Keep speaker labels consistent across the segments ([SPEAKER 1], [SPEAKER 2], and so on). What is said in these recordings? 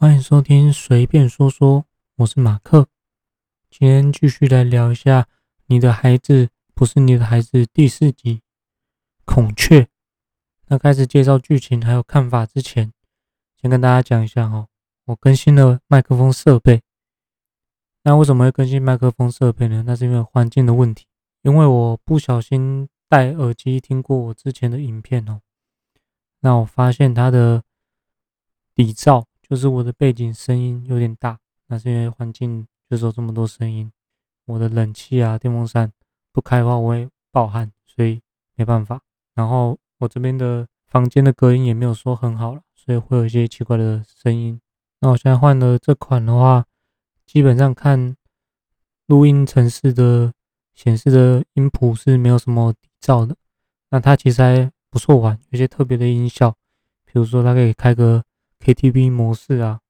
[SPEAKER 1] 歡迎收聽，隨便說說，我是馬克。今天繼續來聊一下《你的孩子不是你的孩子》第四集《孔雀》。那開始介紹劇情還有看法之前，先跟大家講一下哈、哦，我更新了麥克風設備。那為什麼會更新麥克風設備呢？那是因為環境的問題，因為我不小心戴耳機聽過我之前的影片哦。那我發現它的底噪。就是我的背景聲音有點大，那是因為環境就是有這麼多聲音。我的冷氣啊、電風扇不開的話，我會爆汗，所以沒辦法。然後我這邊的房間的隔音也沒有說很好了，所以會有一些奇怪的聲音。那我現在換了這款的話，基本上看錄音程式的顯示的音譜是沒有什麼底噪的。那它其實還不錯玩，有些特別的音效，比如說它可以開個。KTV 模式啊，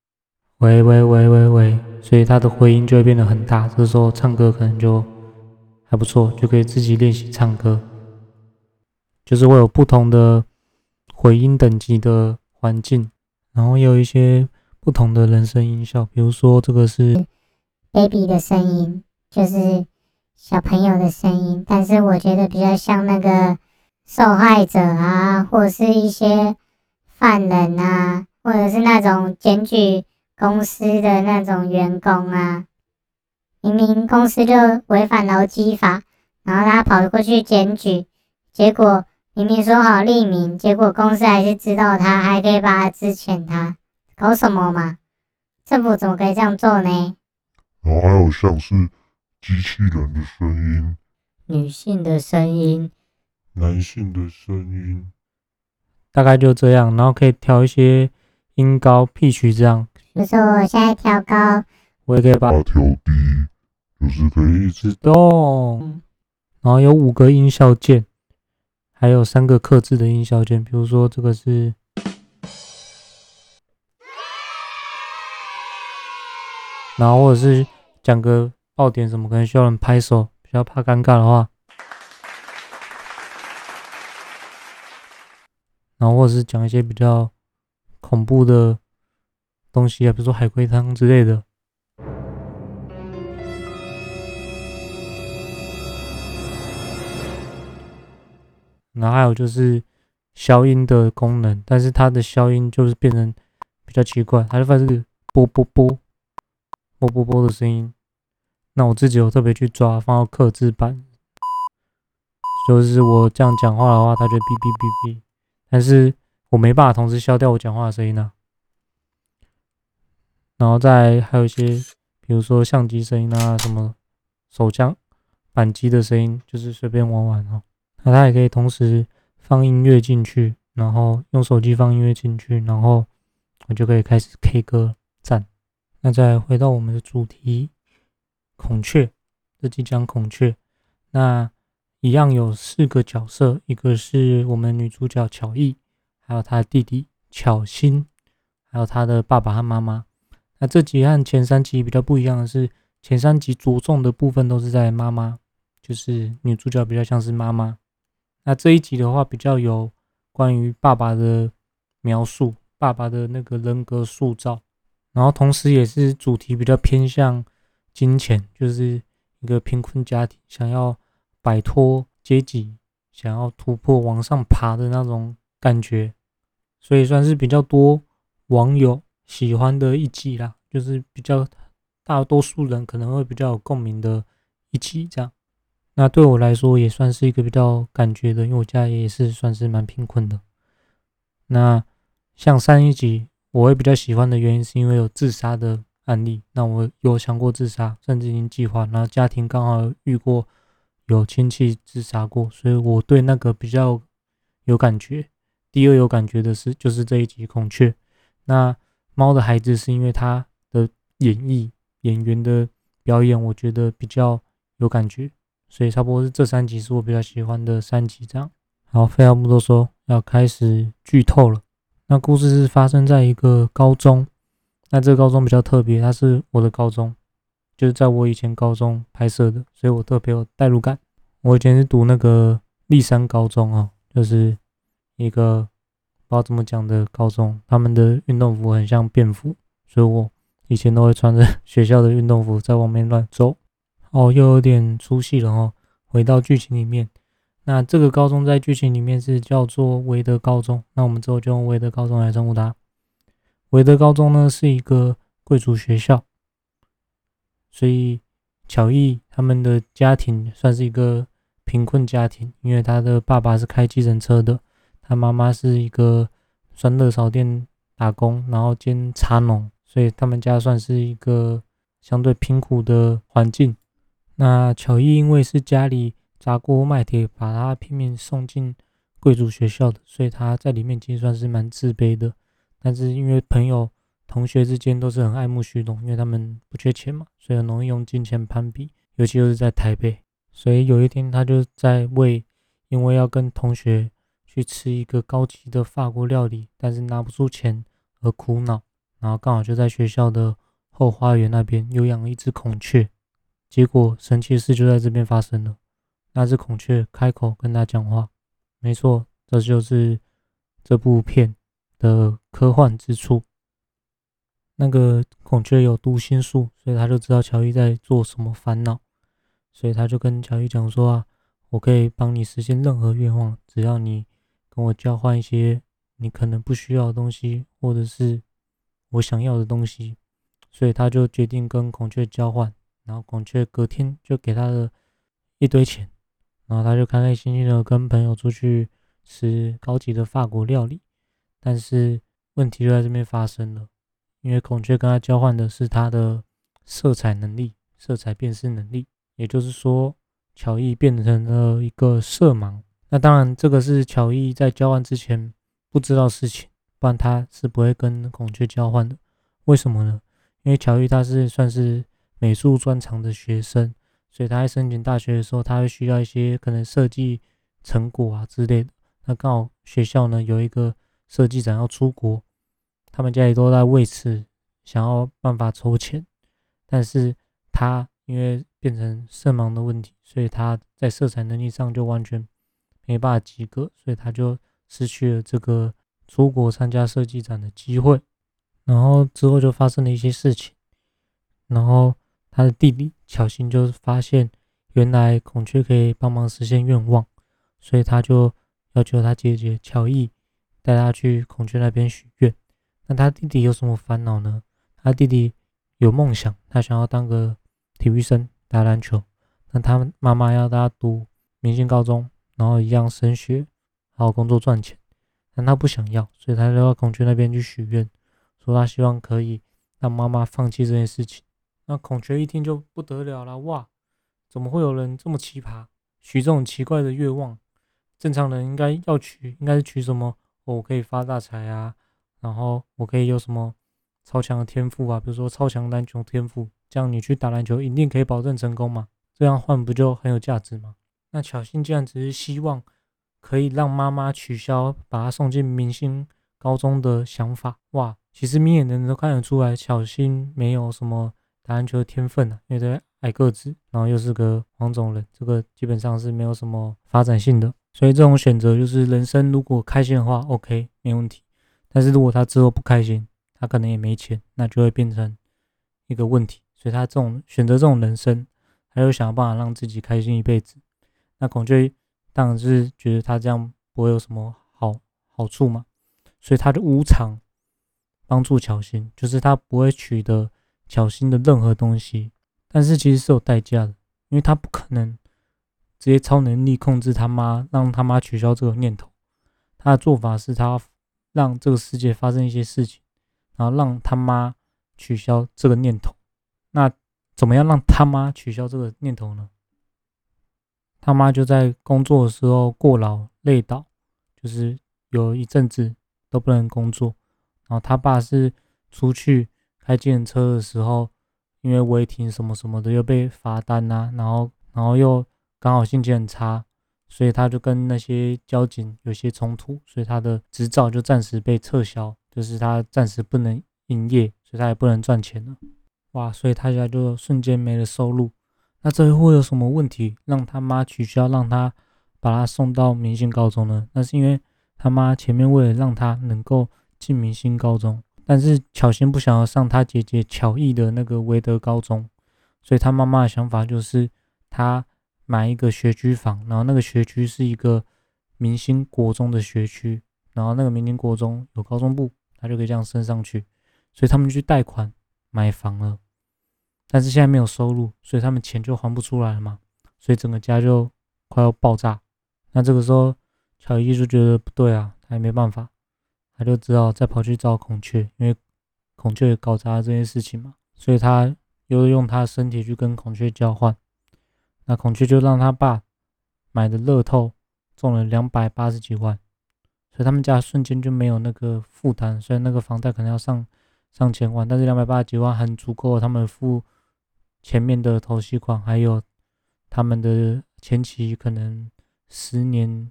[SPEAKER 1] 喂喂喂喂喂，所以它的回音就會變得很大。這時候唱歌可能就還不錯，就可以自己練習唱歌。就是會有不同的回音等級的環境，然後也有一些不同的人聲音效。比如說這個是 baby 的聲音，就是小朋友的聲音，但是我覺得比較像那個受害者啊，或是一些犯人啊。或者是那種檢舉公司的那種員工啊，明明公司就違反勞基法，然後他跑過去檢舉，結果明明說好匿名，結果公司還是知道他，還可以把他資遣他，搞什麼嘛？政府怎麼可以這樣做呢？然後還有像是機器人的聲音、女性的聲音、男性的聲音，大概就這樣，然後可以調一些。音高 P 區這樣，比如說我現在調高，我也可以把它調低，就是可以一直動。然後有五個音效鍵，還有三個客製的音效鍵，比如說這個是，然後或者是講個爆點什麼，可能需要人拍手，比較怕尷尬的話，然後或者是講一些比較。恐怖的東西啊，比如說海龜湯之類的。然後還有就是消音的功能，但是它的消音就是變成比較奇怪，它就發這個啵啵啵啵啵啵的聲音。那我自己有特別去抓，放到客製版，就是我這樣講話的話，它就嗶嗶嗶嗶，但是。我沒辦法同時消掉我講話的聲音呢，啊。然後再還有一些，比如說相機聲音啊，什麼手槍、扳機的聲音，就是隨便玩玩哦，那它也可以同時放音樂進去，然後用手機放音樂進去，然後我就可以開始 K 歌贊。那再回到我們的主題，孔雀，這集講孔雀，那一樣有四個角色，一個是我們女主角巧藝。還有他的弟弟巧心，還有他的爸爸和媽媽。那這集和前三集比較不一樣的是，前三集着重的部分都是在媽媽，就是女主角比較像是媽媽。那這一集的話，比較有關於爸爸的描述，爸爸的那個人格塑造，然後同時也是主題比較偏向金錢，就是一個貧困家庭想要擺脫階級，想要突破往上爬的那種感覺。所以算是比較多網友喜歡的一集啦，就是比較大多數人可能會比較有共鳴的一集這樣。那對我來說也算是一個比較感覺的，因為我家也是算是蠻貧困的。那像上一集，我會比較喜歡的原因是因為有自殺的案例。那我有想過自殺，甚至已經計劃，然後家庭剛好遇過有親戚自殺過，所以我對那個比較有感覺。第二有感覺的是就是這一集孔雀，那貓的孩子是因為他的演繹演員的表演，我覺得比較有感覺，所以差不多是這三集是我比較喜歡的三集這樣。好，廢話不多說，要開始劇透了。那故事是發生在一個高中，那這個高中比較特別，它是我的高中，就是在我以前高中拍攝的，所以我特別有代入感。我以前是讀那個歷山高中啊，就是。一個不知道怎麼講的高中，他們的運動服很像便服，所以我以前都會穿着學校的運動服在外面亂走。哦，又有點出戲了哦。回到劇情裡面，那這個高中在劇情裡面是叫做維德高中，那我們之後就用維德高中來稱呼他。維德高中呢是一個貴族學校，所以巧藝他們的家庭算是一個貧困家庭，因為他的爸爸是開計程車的。他媽媽是一個酸辣炒店，打工，然後兼茶農，所以他們家算是一個相對貧苦的環境。那巧藝因為是家裡砸鍋賣鐵，把他拼命送進貴族學校的，所以他在裡面其實算是蠻自卑的。但是因為朋友同學之間都是很愛慕虛榮，因為他們不缺錢嘛，所以很容易用金錢攀比，尤其就是在台北。所以有一天他就在為，因為要跟同學。去吃一個高級的法國料理，但是拿不出錢而苦惱，然後剛好就在學校的後花園那邊又養了一隻孔雀，結果神奇的事就在這邊發生了。那隻孔雀開口跟他講話，沒錯，這就是這部片的科幻之處。那個孔雀有讀心術，所以他就知道喬伊在做什麼煩惱，所以他就跟喬伊講說：“啊，我可以幫你實現任何願望，只要你。”跟我交換一些你可能不需要的東西，或者是我想要的東西，所以他就決定跟孔雀交換。然後孔雀隔天就給他了一堆錢，然後他就開開心心的跟朋友出去吃高級的法國料理。但是問題就在這邊發生了，因為孔雀跟他交換的是他的色彩能力、色彩辨識能力，也就是說，巧藝變成了一個色盲。那當然，這個是巧藝在交換之前不知道事情，不然他是不會跟孔雀交換的。為什麼呢？因為巧藝他是算是美術專長的學生，所以他在申請大學的時候，他會需要一些可能設計成果啊之類的。那剛好學校呢有一個設計展要出國，他們家裡都在為此想要辦法籌錢。但是他因為變成色盲的問題，所以他在色彩能力上就完全。沒辦法及格，所以他就失去了這個出國參加設計展的機會。然後之後就發生了一些事情。然後他的弟弟巧欣就發現，原來孔雀可以幫忙實現願望，所以他就要求他姐姐巧藝帶他去孔雀那邊許願。那他弟弟有什麼煩惱呢？他弟弟有夢想，他想要當個體育生，打籃球，但他媽媽要他讀明星高中。然後一樣升學，然後工作賺錢，但他不想要，所以他就到孔雀那邊去許願，說他希望可以讓媽媽放棄這件事情。那孔雀一聽就不得了了，哇，怎麼會有人這麼奇葩，許這種奇怪的願望？正常人應該要許，應該是許什麼？哦，我可以發大財啊，然後我可以有什麼超強的天賦啊，比如說超強籃球天賦，這樣你去打籃球一定可以保證成功嘛？這樣換不就很有價值嗎？那巧新竟然只是希望可以讓媽媽取消把她送進明星高中的想法，哇！其實明眼人都看得出來，巧新沒有什麼打籃球的天分啊，因為矮個子，然後又是個黃種人，這個基本上是沒有什麼發展性的。所以這種選擇就是人生，如果開心的話，OK，沒問題；但是如果他之後不開心，他可能也沒錢，那就會變成一個問題。所以他這種選擇這種人生，還有想要辦法讓自己開心一輩子。那孔雀當然是覺得他這樣不會有什麼好好處嘛，所以他就無償幫助喬欣，就是他不會取得喬欣的任何東西，但是其實是有代價的，因為他不可能直接超能力控制他媽，讓他媽取消這個念頭，他的做法是他讓這個世界發生一些事情，然後讓他媽取消這個念頭。那怎麼樣讓他媽取消這個念頭呢？他媽就在工作的時候過勞累倒，就是有一陣子都不能工作。然後他爸是出去開計程車的時候，因為違停什麼什麼的又被罰單啊，然後然後又剛好心情很差，所以他就跟那些交警有些衝突，所以他的執照就暫時被撤銷，就是他暫時不能營業，所以他也不能賺錢了。哇，所以他家就瞬間沒了收入。那這會有什麼問題讓他媽取消讓他把他送到明星高中呢？那是因為他媽前面為了讓他能夠進明星高中，但是巧心不想要上他姐姐巧藝的那個維德高中，所以他媽媽的想法就是他買一個學區房，然後那個學區是一個明星國中的學區，然後那個明星國中有高中部，他就可以這樣升上去，所以他們去貸款買房了。但是現在沒有收入，所以他們錢就還不出來了嘛，所以整個家就快要爆炸。那這個時候，巧藝就覺得不對啊，他也沒辦法，他就只好再跑去找孔雀，因為孔雀也搞砸了這件事情嘛，所以他又用他的身體去跟孔雀交換。那孔雀就讓他爸買的樂透中了兩百八十幾萬，所以他們家瞬間就沒有那個負擔。雖然那個房貸可能要上上千萬，但是兩百八十幾萬很足夠他們付。前面的頭期款還有他們的前期可能十年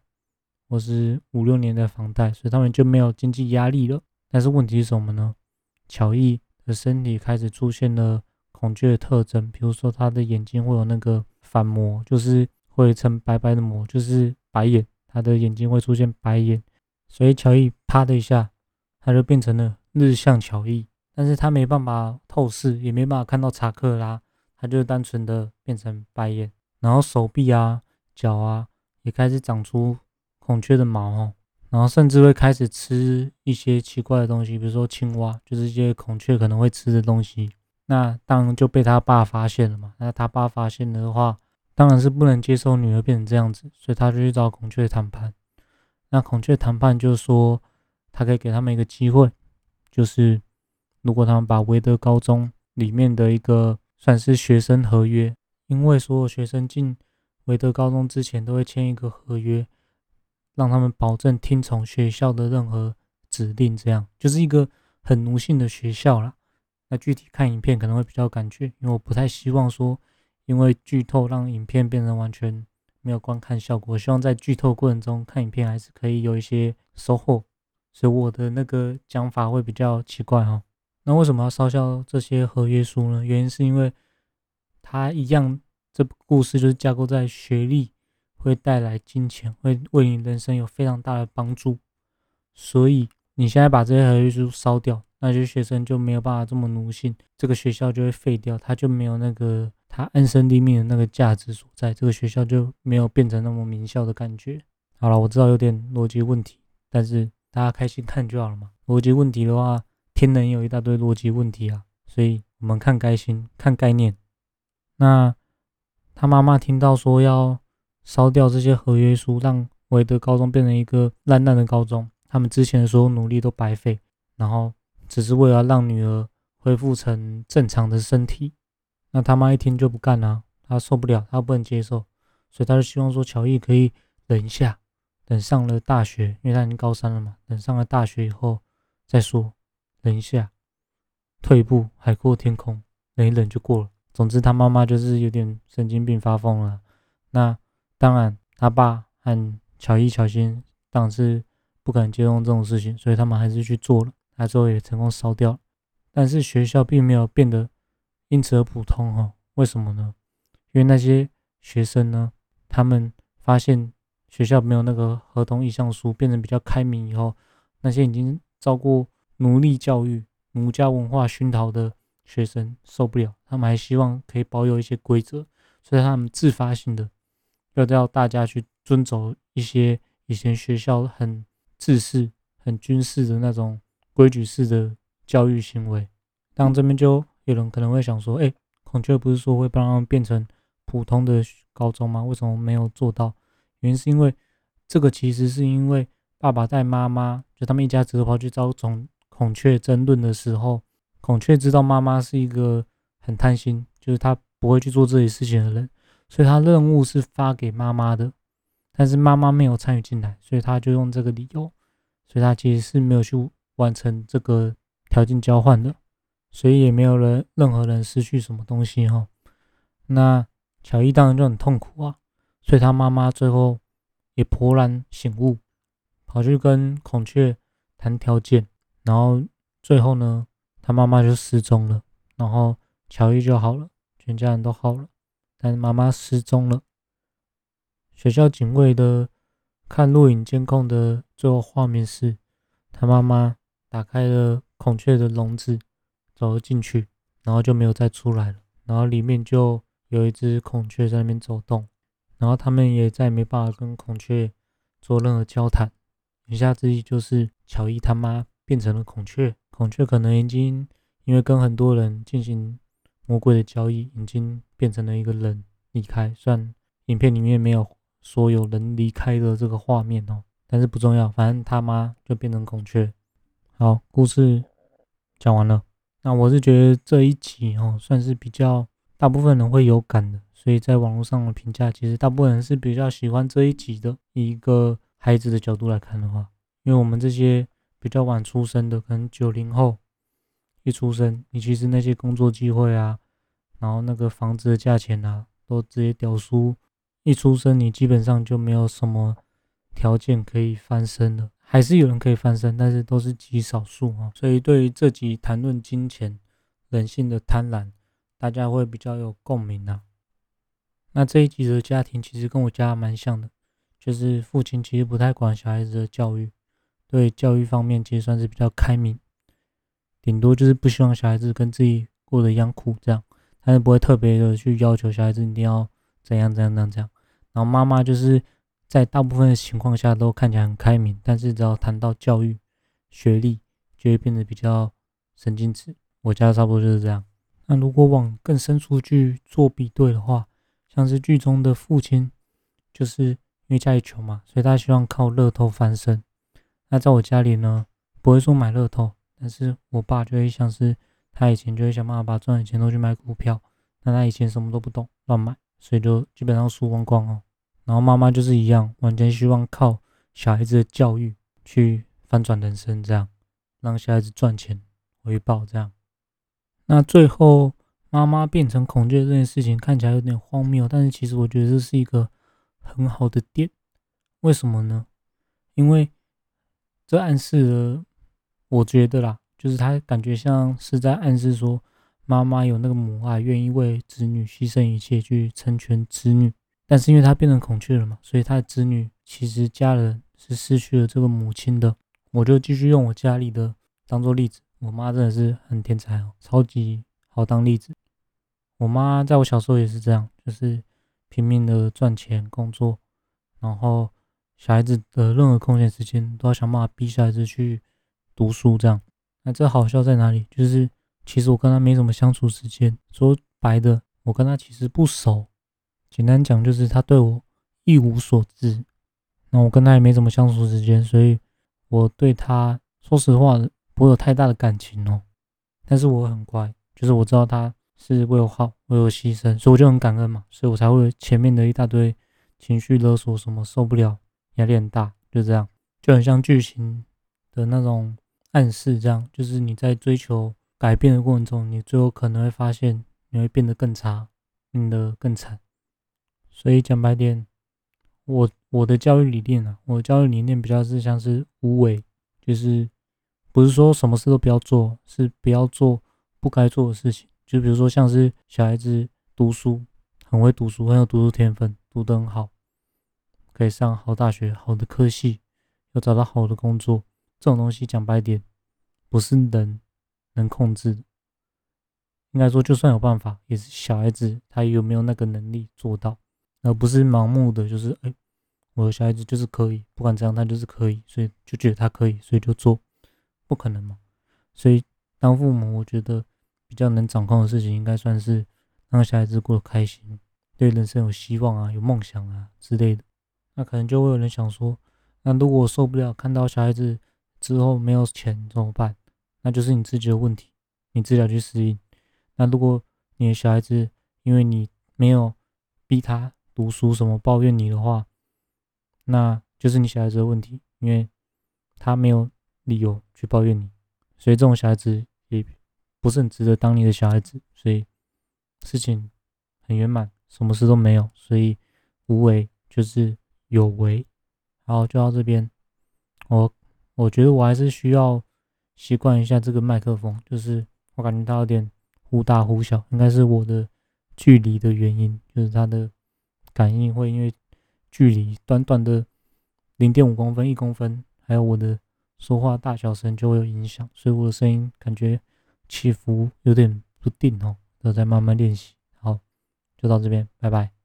[SPEAKER 1] 或是五六年的房貸，所以他們就沒有經濟壓力了。但是問題是什麼呢？巧藝的身體開始出現了孔雀的特徵，比如說他的眼睛會有那個反膜，就是會成白白的膜，就是白眼。他的眼睛會出現白眼，所以巧藝啪的一下，他就變成了日向巧藝，但是他沒辦法透視，也沒辦法看到查克拉。它就單純的變成白眼，然後手臂啊、腳啊也開始長出孔雀的毛哦，然後甚至會開始吃一些奇怪的東西，比如說青蛙，就是一些孔雀可能會吃的東西。那當然就被他爸發現了嘛。那他爸發現的話，當然是不能接受女兒變成這樣子，所以他就去找孔雀談判。那孔雀談判就是說，他可以給他們一個機會，就是如果他們把維德高中裡面的一個。算是學生合約，因為所有學生進維德高中之前都會簽一個合約，讓他們保證聽從學校的任何指令，這樣就是一個很奴性的學校啦。那具體看影片，可能會比較感覺，因為我不太希望說因為劇透讓影片變成完全沒有觀看效果。我希望在劇透過程中看影片還是可以有一些收穫，所以我的那個講法會比較奇怪哦。那為什麼要燒掉這些合約書呢？原因是因為它一樣，這故事就是架構在學歷會帶來金錢，會為你人生有非常大的幫助。所以你現在把這些合約書燒掉，那些學生就沒有辦法這麼奴性，這個學校就會廢掉，它就沒有那個它安身立命的那個價值所在，這個學校就沒有變成那麼名校的感覺。好了，我知道有點邏輯問題，但是大家開心看就好了嘛。邏輯問題的話。天能有一大堆邏輯問題啊，所以我們看該心，看概念。那他媽媽聽到說要燒掉這些合約書，讓維德高中變成一個爛爛的高中，他們之前的所有努力都白費，然後只是為了讓女兒恢復成正常的身體。那他媽一聽就不幹了，啊，他受不了，他不能接受，所以他就希望說巧藝可以等一下，等上了大學，因為他已經高三了嘛，等上了大學以後再說。忍一下，退一步，海闊天空，忍一忍就過了。總之，他媽媽就是有點神經病發瘋了。那當然，他爸和巧藝、巧心當然是不敢接受這種事情，所以他們還是去做了，最、啊、後也成功燒掉了。但是學校並沒有變得因此而普通哈、哦。為什麼呢？因為那些學生呢，他們發現學校沒有那個合同意向書，變得比較開明以後，那些已經照顧。奴隸教育、儒家文化熏陶的學生受不了，他們還希望可以保有一些規則，所以他們自發性的要叫大家去遵守一些以前學校很制式、很軍事的那種規矩式的教育行為。當然這邊就有人可能會想說：“哎、欸，孔雀不是說會幫他們變成普通的高中嗎？為什麼沒有做到？”原因是因為這個其實是因為爸爸帶媽媽，就他們一家子跑去招總。孔雀爭論的時候，孔雀知道媽媽是一個很貪心，就是他不會去做這些事情的人，所以他任務是發給媽媽的，但是媽媽沒有參與進來，所以他就用這個理由，所以他其實是沒有去完成這個條件交換的，所以也沒有人任何人失去什麼東西哈、哦。那巧藝當然就很痛苦啊，所以他媽媽最後也幡然醒悟，跑去跟孔雀談條件。然後最後呢，他媽媽就失蹤了。然後喬伊就好了，全家人都好了，但是媽媽失蹤了。學校警衛的看錄影監控的最後畫面是，他媽媽打開了孔雀的籠子，走了進去，然後就沒有再出來了。然後裡面就有一隻孔雀在那邊走動，然後他們也再也沒辦法跟孔雀做任何交談。言下之意就是喬伊他媽。變成了孔雀，孔雀可能已經因為跟很多人進行魔鬼的交易，已經變成了一個人離開。雖然影片裡面沒有所有人離開的這個畫面哦，但是不重要，反正他媽就變成孔雀。好，故事講完了。那我是覺得這一集哦，算是比較大部分人會有感的，所以在網絡上的評價其實大部分人是比較喜歡這一集的。以一個孩子的角度來看的話，因為我們這些。比較晚出生的，可能九零後一出生，你其實那些工作機會啊，然後那個房子的價錢啊，都直接屌叔。一出生，你基本上就沒有什麼條件可以翻身了，還是有人可以翻身，但是都是極少數啊。所以對於這集談論金錢、人性的貪婪，大家會比較有共鳴啊。那這一集的家庭其實跟我家蠻像的，就是父親其實不太管小孩子的教育。對教育方面，其實算是比較開明，頂多就是不希望小孩子跟自己過得一樣苦這樣，但是不會特別的去要求小孩子一定要怎樣怎樣怎樣這樣。然後媽媽就是在大部分的情況下都看起來很開明，但是只要談到教育、學歷，就會變得比較神經質。我家差不多就是這樣。那如果往更深處去做比對的話，像是劇中的父親，就是因為家裡窮嘛，所以他希望靠樂透翻身。那在我家裡呢，不會說買樂透，但是我爸就會像是他以前就會想辦法把賺的錢都去買股票，但他以前什麼都不懂亂買，所以就基本上輸光光哦。然後媽媽就是一樣，完全希望靠小孩子的教育去翻轉人生這樣，讓小孩子賺錢回報這樣。那最後媽媽變成孔雀這件事情看起來有點荒謬，但是其實我覺得這是一個很好的點。為什麼呢？因為。這暗示了，我覺得啦，就是他感覺像是在暗示說，媽媽有那個母愛、啊，願意為子女犧牲一切去成全子女。但是因為他變成孔雀了嘛，所以他的子女其實家人是失去了這個母親的。我就繼續用我家裡的當做例子，我媽真的是很天才哦，超級好當例子。我媽在我小時候也是這樣，就是拼命的賺錢工作，然後，小孩子的任何空閒時間都要想辦法逼小孩子去讀書，這樣。那這好笑在哪裡？就是其實我跟他沒什麼相處時間，說白的，我跟他其實不熟。簡單講，就是他對我一無所知。那我跟他也沒什麼相處時間，所以我對他說實話不會有太大的感情哦、喔。但是我很乖，就是我知道他是為我好，為我犧牲，所以我就很感恩嘛，所以我才會前面的一大堆情緒勒索，什麼受不了。壓力很大，就這樣，就很像劇情的那種暗示，這樣就是，你在追求改變的過程中，你最後可能會發現，你會變得更差，變得更慘。所以講白點，我我的教育理念啊，我的教育理念比較是像是無為，就是不是說什麼事都不要做，是不要做不該做的事情。就比如說像是小孩子讀書，很會讀書，很有讀書天分，讀得很好。可以上好大學、好的科系，要找到好的工作，這種東西講白點，不是人能，能控制的。應該說，就算有辦法，也是小孩子他有沒有那個能力做到，而不是盲目的，就是哎、欸，我的小孩子就是可以，不管怎樣他就是可以，所以就覺得他可以，所以就做，不可能嘛。所以當父母，我覺得比較能掌控的事情，應該算是讓小孩子過得開心，對人生有希望啊，有夢想啊之類的。那可能就會有人想說，那如果我受不了看到小孩子之後沒有錢怎麼辦？那就是你自己的問題，你自己要去適應。那如果你的小孩子因為你沒有逼他讀書什麼抱怨你的話，那就是你小孩子的問題，因為他沒有理由去抱怨你，所以這種小孩子也不是很值得當你的小孩子。所以事情很圓滿，什麼事都沒有，所以無為就是有為，好，就到這邊。我我覺得我還是需要習慣一下這個麥克風，就是我感覺它有點忽大忽小，應該是我的距離的原因，就是它的感應會因為距離短短的零點五公分、一公分，還有我的說話大小聲就會有影響，所以我的聲音感覺起伏有點不定哦，我再慢慢練習。好，就到這邊，拜拜。